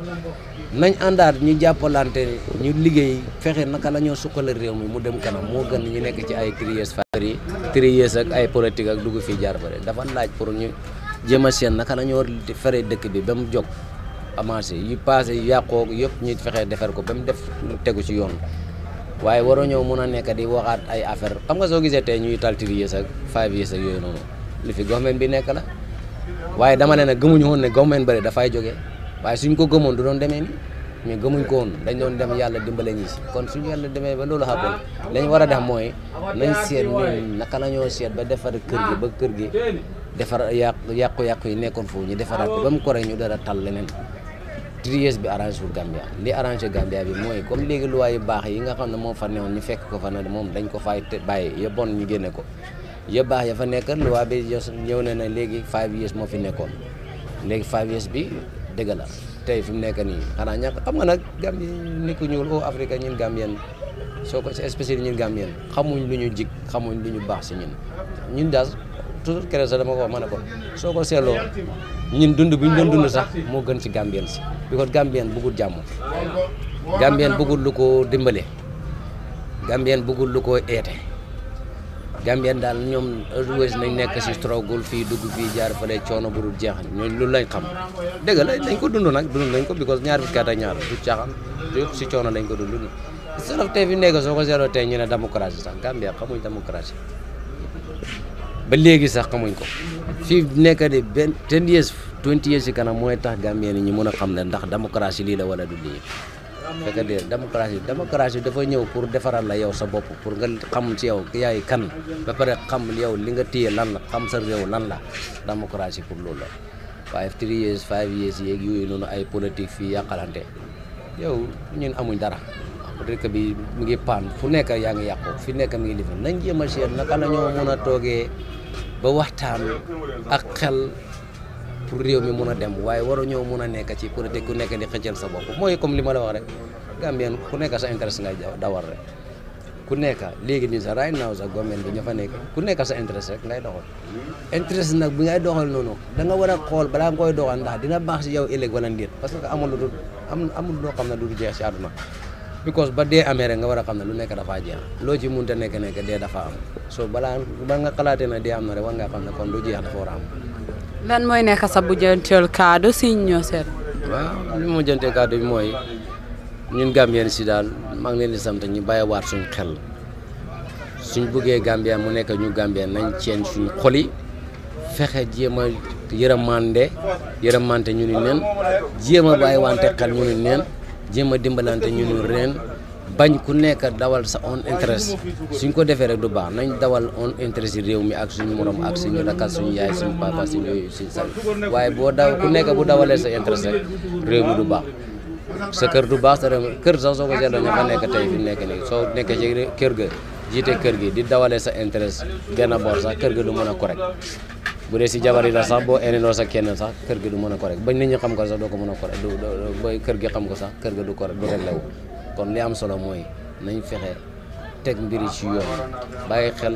nañ àndaat ñu jàppalante ñu liggéey fexe naka la ñoo suqale réew mi mu dem kanam moo gën ñu nekk ci ay tries fari tries ak ay politique ak dugg fii jaar jéem a seen naka la ñu war a feree dëkk bi ba mu jog avancé yu passé yu yàqoo yëpp ñu fexee defar ko ba mu def tegu ci yoon waaye waroo ñëw mun a nekk di waxaat ay affaire xam nga soo gisee tey ñuy tal three years ak five years ak yooyu noonu li fi government bi nekk la waaye dama ne nag gëmuñu woon ne government bëri dafay jógee waaye suñ ko gëmoon du doon demee nii mais gëmuñ ko woon dañ doon dem yàlla dimbale ñi si kon suñu yàlla demee ba loolu xamoon lañ war a def mooy nañ seet ñun naka la ñoo seet ba defar kër gi ba kër gi defar yàqu-yàqu yi nekkoon foofu ñu defaraat ko ah, ba mu koree ñu dara tal leneen trieste bi arrange wul Gambia li arrangé Gambia bi mooy comme léegi loi yu baax yi nga xam ne moo fa newoon ñu fekk ko fa ne moom dañ ko fay bàyyi ya bon ñu génne ko ya baax ya fa nekk loi bi ñëw na léegi five years moo fi nekkoon léegi five years bi dëgg la tey fi mu nekk nii xanaa ñàkk xam nga nag Gambie ni ko ñuul au oh Afrique ñun Gambien soo ko espèce ñun Gambien xamuñ lu ñu jig xamuñ lu ñu baax si ñun ñun daal toujours keroog sax dama ko ne ko soo ko seeloo ñun dund bi ñu doon sax moo gën ci Gambien si bi kon Gambien bëggul jàmm Gambien bëggul lu ko dimbale Gambien bëggul lu ko eete Gambien daal ñoom always nañ nekk si struggle fii dugg fii jaar fale coono bu dul jeex ñun lu lañ xam dëgg la dañ ko dund nag dund nañ ko because ñaar fukki at ak ñaar du caaxaan si coono lañ ko dund solof tey fi nekk soo ko seetloo tey ñu ne démocratie sax Gambien xamuñ démocratie ba léegi sax xamuñ ko fii nekk di benn ten years twenty years si kanam mooy tax Gambien ñi mën a xam ne ndax démocratie lii la wala du lii fekk de démocratie démocratie dafa ñëw pour defaral la yow sa bopp pour nga xam ci yow yaay kan ba pare xam yow li nga téye lan la xam sa réew lan la démocratie pour loolu la waaye three years five years yeeg yooyu noonu ay politique fii yàqalante yow ñun amuñ dara dëkk bi mu ngi paan fu nekk yaa ngi yàqu fi nekk mi ba waxtaan ak xel pour réew mi mun a dem waaye war a ñëw mun a nekk ci politique ku nekk di xëccal sa bopp mooy comme li ma la wax rek Gambien ku nekk sa intérêt ngay dawal rek ku nekk léegi nii sax right now sax government bi ña fa nekk ku nekk sa intérêt rek ngay doxal intérêt nag bi ngay doxal noonu da nga war a xool balaa nga koy doxal ndax dina baax si yow ëllëg wala ndiit parce que amul lu dul am amul loo xam ne du jeex si àdduna because ba dee amee rek nga war a xam ne lu nekk dafaa jeex loo ci munte nekk nekk dee dafa am so balaa ba nga xalaatee ne dee am na rek war nga xam ne kon lu jeex dafa war am lan mooy nekk sa mujjanteel kaado si ñoo seet waaw li mujjanteel kaddu bi mooy ñun Gambien si maa ngi leen di sant ñu bàyyiwaat suñ xel suñ bëggee Gambien mu nekk ñu Gambien nañ ceen suñ xol fexe jéem a yërëmande yërëmante ñu ni neen jéem a bàyyiwante xel ñu ni neen jéem a dimbalante ñu nu reen bañ ku nekk dawal sa on interest suñ ko defee rek du baax nañ dawal on interest réew mi ak suñu morom ak suñu rakkat suñu yaay suñu papa suñu suñu sal waaye boo daw ku nekk bu dawalee sa interest rek réew mi du baax sa kër du baax sa réew kër sax soo ko seetloo ña fa nekk tey fi nekk nii soo nekkee ci kër ga jiite kër gi di dawalee sa interest genn boor sax kër ga du mën a correct bu dee si jabar yi la sax boo eeneloo sax kenn sax kër gi du mën ko correct bañ nit ñi xam ko sax doo ko mën a correct du booy kër gi xam ko sax kër gi du correct du relew kon li am solo mooy nañ fexe teg mbir yi yoon bàyyi xel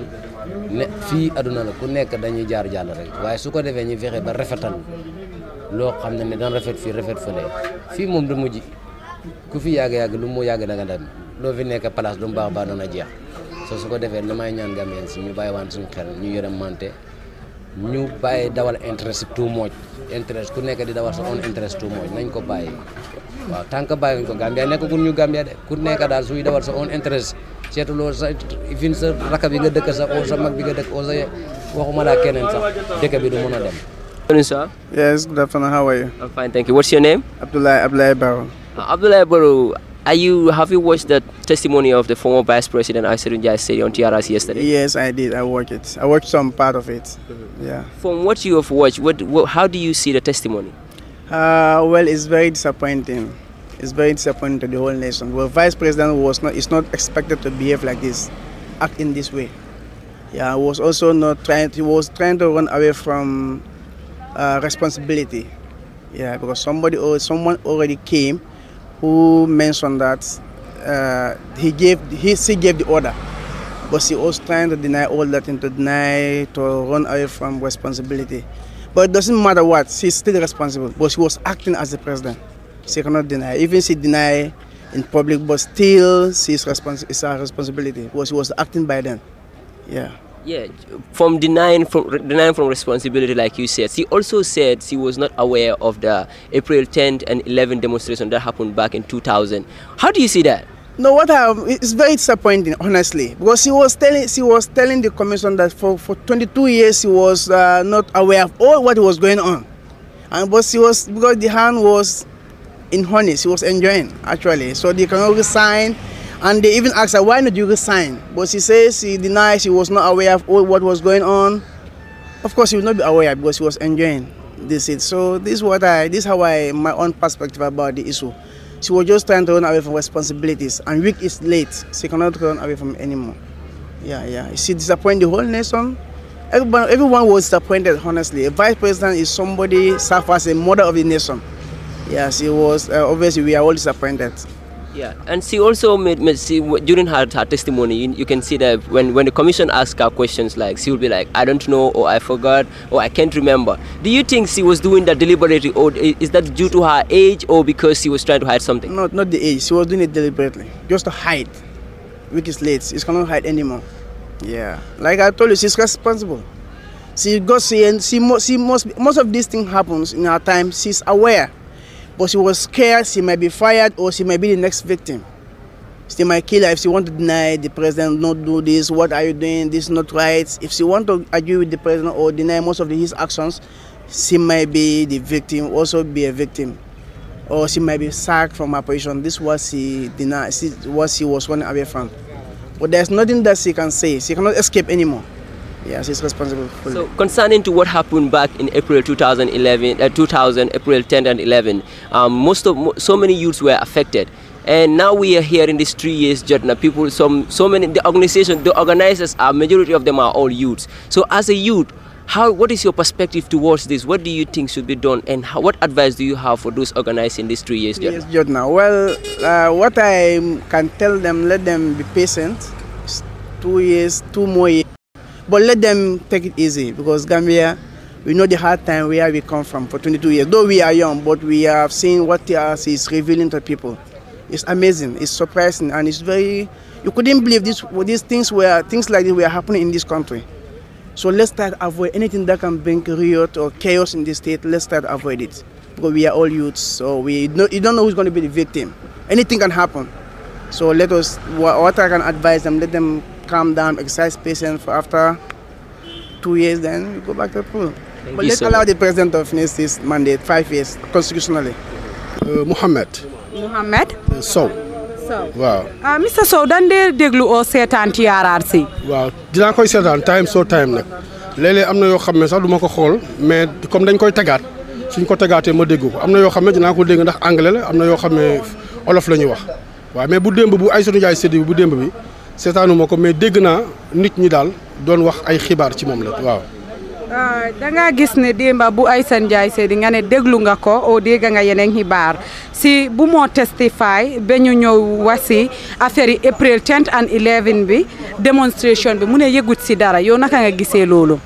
ne fii àdduna la ku nekk dañuy jaar jàll rek waaye su ko defee ñu fexe ba rafetal loo xam ne ne daan rafet fii rafet fële fii moom du mujj ku fi yàgg-yàgg lu mu yàgg da nga dem loo fi nekk place du mu baax baax dana jeex so su ko defee li may ñaan gambien si ñu bàyyi waan suñu xel ñu yërëm mante ñu bàyyi dawal interest too much interest ku nekk di dawal sa own interest too much nañ ko bàyyi waaw tant que bàyyiwuñ ko Gambia nekkagul ñu Gambia de ku nekk daal suy dawal sa own interest seetuloo sa fin sa raka bi nga dëkk sa oo sa mag bi nga dëkk oo sa waxuma laa keneen sax dëkk bi du mën a dem. sir. Yes, good afternoon. How are you? I'm fine, thank you. What's your name? Abdullah Abdullah Barrow. Uh, Abdullah Barrow, are you have you watched the testimony of the former Vice President Aysedun Jaisedi on TRS yesterday? Yes, I did. I watched it. I watched some part of it. Yeah. From what you have watched, what, what how do you see the testimony? Uh, well, it's very disappointing. It's very disappointing to the whole nation. Well, Vice President was not is not expected to behave like this, act in this way. Yeah, was also not trying. He was trying to run away from uh, responsibility. Yeah, because somebody or someone already came who mentioned that uh, he gave he, she gave the order, but she was trying to deny all that and to deny to run away from responsibility. But it doesn't matter what she's still responsible. But she was acting as the president. She cannot deny. Even she deny in public, but still she's respons- it's her responsibility. But she was acting by then. Yeah. Yeah, from denying from denying from responsibility, like you said. She also said she was not aware of the April 10th and 11th demonstration that happened back in 2000. How do you see that? No, what I it's very disappointing, honestly, because she was telling she was telling the commission that for, for 22 years she was uh, not aware of all what was going on, and but she was because the hand was in honey, she was enjoying actually, so they can only sign and they even asked her, why not you resign? But she says she denies she was not aware of what was going on. Of course, she would not be aware because she was enjoying this. It. So this is what I, this is how I, my own perspective about the issue. She was just trying to run away from responsibilities. And week is late. She cannot run away from anymore. Yeah, yeah. She disappointed the whole nation. Everyone, everyone was disappointed, honestly. A vice president is somebody served as a mother of the nation. Yes, it was. Uh, obviously, we are all disappointed. Yeah, and she also made, made she, during her, her testimony, you, you, can see that when, when the commission asked her questions, like she would be like, I don't know, or I forgot, or I can't remember. Do you think she was doing that deliberately, or is that due to her age, or because she was trying to hide something? No, not the age. She was doing it deliberately, just to hide. Week is late. She cannot hide anymore. Yeah, like I told you, she's responsible. She goes and she, she most most of these things happens in her time. She's aware but she was scared she might be fired or she might be the next victim. She might kill her if she want to deny the president not do this, what are you doing, this is not right. If she want to argue with the president or deny most of his actions, she might be the victim, also be a victim. Or she might be sacked from her position. This was she denied, what she was running away from. But there's nothing that she can say. She cannot escape anymore. Yes, he's responsible fully. So, concerning to what happened back in April 2011, uh, 2000, April 10 and 11, um, most of so many youths were affected, and now we are here in these three years, Jatna. People, some, so many, the organization, the organizers, are uh, majority of them are all youths. So, as a youth, how, what is your perspective towards this? What do you think should be done, and how, what advice do you have for those organizing these three years? Jotna? Yes, Jotna. Well, uh, what I can tell them, let them be patient. It's two years, two more years but let them take it easy because Gambia, we know the hard time where we come from for 22 years. Though we are young, but we have seen what TRC is revealing to people. It's amazing, it's surprising, and it's very, you couldn't believe this, these things were, things like this were happening in this country. So let's try avoid anything that can bring riot or chaos in the state. Let's try avoid it because we are all youths. So we know, you don't know who's going to be the victim. Anything can happen. So let us, what I can advise them, let them calm down, exercise patience for to the pool. Thank but let's so allow the president to finish this mandate, five uh, uh, Sow. Sow waaw. ah Mr dañ dee déglu oo seetaan ci si waaw dinaa koy seetaan time so time nag léeg am na yoo xam ne sax du ma ko xool mais comme dañ koy tegaat suñ ko tegaatee ma dégg ko am na yoo xam ne dinaa ko dégg ndax anglais la am na yoo xam ne olof la ñuy wax waaw mais bu démb bu Aïssatou Ndiaye Sèye bu démb bi. seetaanuma ko mais dégg naa nit ñi daal doon wax ay xibaar ci moom la waaw. Euh, da ngaa gis ne démba bu Aysan Jaay Seydi nga ne déglu nga ko oo oh, dégg nga yeneen xibaar si bu moo testify ba ñu ñëw wasi affaire yi April 10 and 11 bi démonstration bi mu ne yëgut si dara yow naka nga gisee loolu.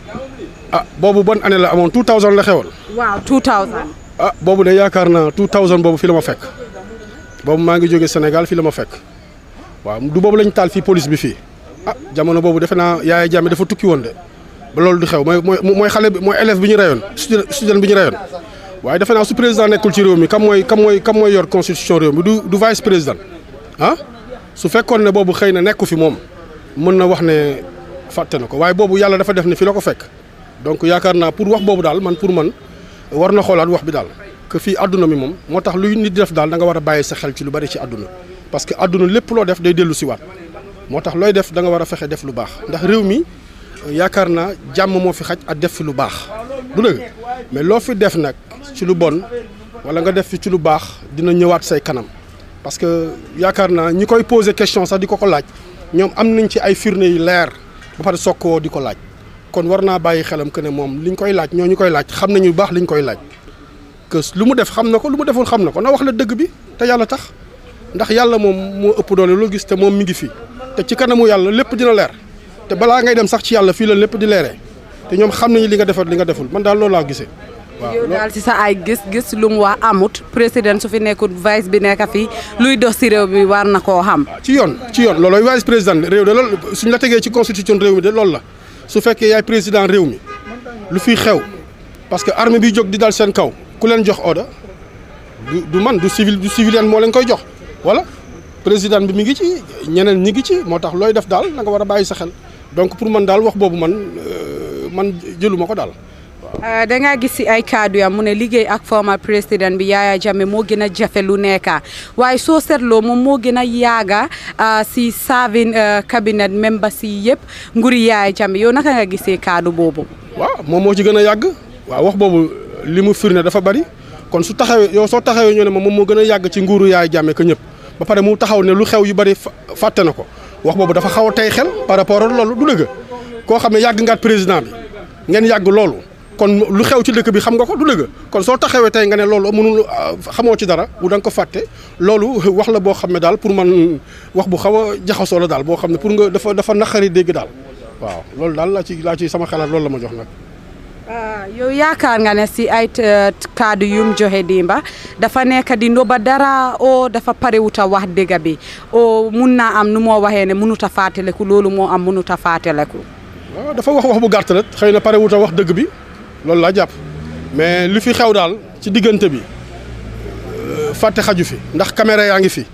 ah boobu ban année la amoon 2000 la xewal. waaw 2000. ah boobu de yaakaar naa 2000 boobu fi la ma fekk boobu maa ngi jóge Sénégal fi la ma fekk. waaw du boobu lañu taal fii police bi fii ah jamono boobu defe naa Yaya Jammeh dafa tukki woon de ba loolu du xew mooy mooy xale bi mooy élève bi ñu reyoon student bi ñu reyoon waaye defe naa su président nekkul ci réew mi kam mooy kam mooy kam mooy yor constitution réew mi du du vice président ah su fekkoon ne boobu xëy na nekku fi moom mën na wax ne fàtte na ko waaye boobu yàlla dafa def ne fi la ko fekk donc yaakaar naa pour wax boobu daal man pour man war na xoolaat wax bi daal que fii àdduna moom moo tax luy nit def daal da nga war a bàyyi sa xel ci lu bari ci àdduna parce que aduna lepp lo def day delu si waat moo tax def da nga war a def lu bax ndax réew mi euh, yaakaar naa jàmm fi xaj at def fi lu bax du dëgg mais lo fi def nak ci lu bon wala nga def fi ci lu bax dina ñëwaat say kanam parce que yakarna naa ñi koy poser question sax diko ko laaj ñom am nañ ci ay firnde yi leer ba pare soog diko laaj kon warna bayyi bàyyi xelam que ne mom liñ koy laaj ñoo ñu koy laaj xam nañu bax liñ koy laaj que lu mu def xam na ko lu mu deful xam na ko na wax la deug bi te yalla tax ndax yalla mom mo ëpp doole lo gis te mom mi ngi fi te ci kanamu yalla lepp dina leer te bala ngay dem sax ci yalla fi la lepp di leeree te ñom xam nañu li nga defal li nga deful man daal lo la gisé yow dal ci sa ay gis gis lu mu wa amut président su fi nekkul vice bi nekk fi luy dox ci rew bi war na xam ci yoon ci yoon vice président rew de loolu suñ la tegee ci constitution rew mi de loolu la su fekkee yaay président rew mi lu fi xew parce que armée bi jog di dal sen kaw ku len jox order du man du civil du civilien mo len koy jox voilà président bi mu ngi ci ñeneen ñi ngi ci moo tax looy def daal na nga war a bàyyi sa xel donc pour man daal wax boobu man euh, man jëluma ko daal. Euh, da gis si ay kaddu yam mu ne liggéey ak former président bi Yaya Jammeh moo gën a jafe lu nekk waaye soo seetloo moom moo gën a yaaga si euh, serving cabinet members yi yëpp nguri Yaya Jammeh yow naka nga gisee kaddu boobu. waaw moom moo ci gën a yàgg waaw wax boobu li mu firnde dafa bari kon su taxawee yow soo taxawee ñu ne moom moo gën a yàgg ci nguuru Yaya Jammeh ko ñëpp. ba pare mu taxaw ne lu xew yi bari fàtte na ko wax boobu dafa xaw a tey xel par rapport ak loolu du dëgg koo xam ne yàgg ngaat président bi ngeen yàgg loolu kon lu xew ci dëkk bi xam nga ko du dëgg kon soo taxawee tey nga ne loolu mënul ah, xamoo ci dara bu danga ko fàtte loolu wax la boo xam ne daal pour man wax bu xaw a jaxasoo la daal boo xam ne pour nga dafa dafa naqari dégg daal waaw loolu daal laa ci laa ci sama xalaat loolu la ma jox nag Ah, yow yaakaar nga ne si ay kaddu yum joxe dimba dafa nekk di ndoba dara o dafa pare wut wax dëgg bi o mun naa am nu moo waxee ne mënut a fàttaliku loolu moo am mënut a fàttaliku. waaw dafa wax wax bu gàtt rek xëy na pare wut wax dëgg bi loolu laa jàpp mais lu fi xew daal ci diggante bi euh, fàtte xaju fi ndax caméra yaa ngi fi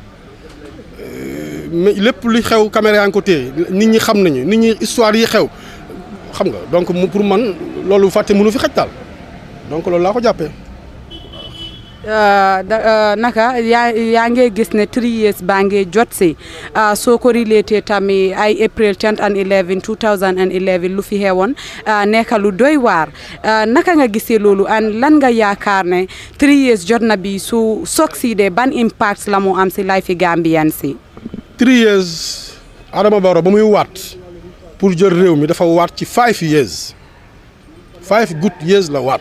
euh, mais lépp lu xew caméra yaa ngi ko nit ñi xam nañu ni ñi histoire yi xew. xam nga donc mu pour man loolu fàtte mënu fi xaj daal donc loolu laa ko jàppee. Euh, euh, naka yaa yaa ngi gis ne three years baa ngi jot si euh, soo ko relaté tamit ay April 10 and 11 2011 lu fi xewoon nekk lu doy waar naka nga gisee loolu an lan nga yaakaar ne three years jot na bi su succédé ban impact la mu am si life Gambian si. three years Adama Barrow ba muy waat. pour jël réew mi dafa wat ci 5 years 5 good years la wat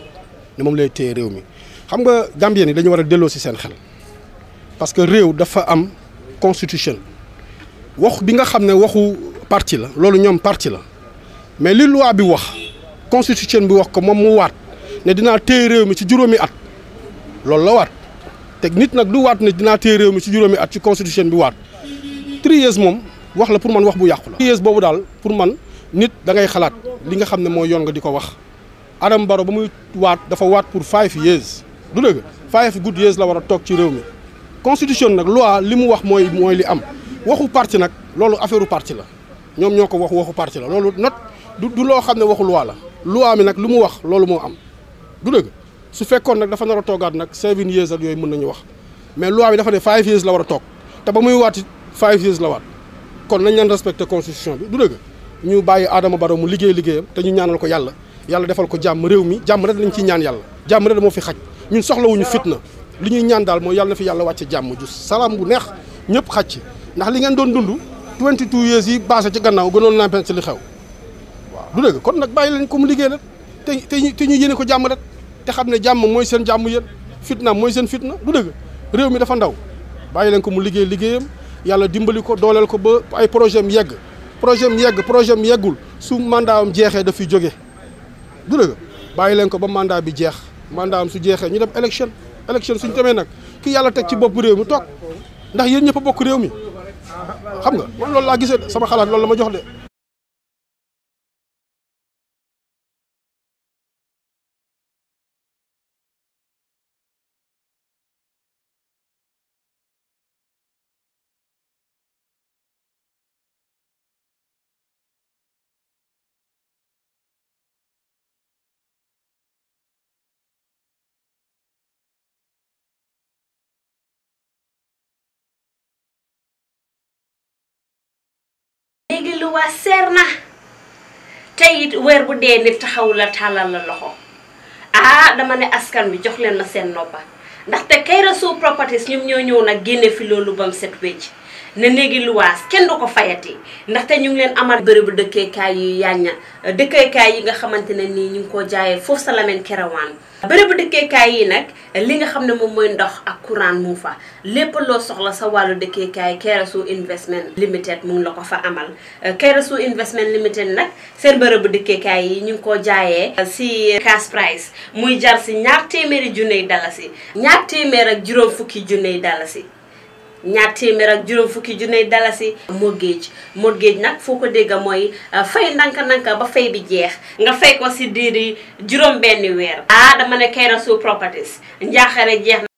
ne mom lay réew mi xam nga Gambien yi dañu wara a parce que réew dafa am constitution wax bi nga waxu parti la loolu parti la mais li loi bi wax constitution bi wax ko mom mu wat ne dina téye réew mi ci juroomi at Lolo la wat te nit nak du wat ne dina mi ci at ci constitution bi wat three years mom wax la pour man wax bu la. pour man nit da ngay xalat li nga xamne moy yon nga diko wax dafa pour five years du five good years la wara tok constitution loi limu wax moy moy li am waxu parti nak affaireu parti la ñom ñoko wax waxu parti la not du du loi la loi mi nak wax am du deug su nak dafa seven years mais loi bi dafa ne five years la wara tok te la kon nañ leen respecté constitution bi du dëgg ñu bàyyi Adama Barrow mu liggéey liggéeyam te ñu ñaanal ko yàlla yàlla defal ko jàmm réew mi jàmm rek lañ ciy ñaan yàlla jàmm rek moo fi xaj ñun soxlawuñu fitna li ñuy ñaan daal mooy yàlla na fi yàlla wàcce jàmm ju salaam bu neex ñëpp xaj ci ndax li ngeen doon dund 22 years yi baase ci gannaaw gënoon naa penc li xew waaw du dëgg kon nag bàyyi leen ko mu liggéey rek te te ñu yéene ko jàmm rek te xam ne jàmm mooy seen jàmm yéen fitna mooy seen fitna du dëgg réew mi dafa ndaw bàyyi leen ko mu liggéey liggéeyam yàlla dimbali ko dooleel ko ba ay projet am yegg projet yegg projet am yeggul su mandat am jeexee dafiy jóge du dëgg bàyyi leen ko ba mandat bi jeex mandat am su jeexee ñu dem élection élection suñu demee nag ki yàlla teg ci bopp réew mi toog ndax yéen ñëpp a bokk réew mi xam nga man loolu laa gisee sama xalaat loolu la ma jox de delluwaat seer na te weer bu dee nit taxawula tàllal la loxo ah dama ne askan bi jox leen ma seen noppa ndaxte Kairó Show Properties ñoom ñoo ñëw nag génne fi loolu ba mu set wecc ne néegi luwaas kenn du ko fayati ndaxte ñu ngi leen amal bërëbu dëkkeekaay yi yàñña dëkkeekaay yi nga xamante ne nii ñu ngi koo jaayee foofu sa Lamin Kerewan bërëbu dëkkeekaay yi nag li nga xam ne moom mooy ndox ak courant mu fa lépp loo soxla sa wàllu dëkkeekaay Keresu Investment Limited mu ngi la ko fa amal su Investment Limited nag seen bërëbu dëkkeekaay yi ñu ngi koo jaayee si cash muy jar si ñaar téeméeri junney dalasi ñaar téeméer ak juróom fukki junney dalasi ñaar téeméer ak juróom fukki junne dalasi mortgage mortgage nag foo ko dégg mooy euh, fay ndànk-ndànk ba fay bi jeex nga fay ko si diiri juróom benn weer ah dama ne Kayra Show Properties njaaxare jeex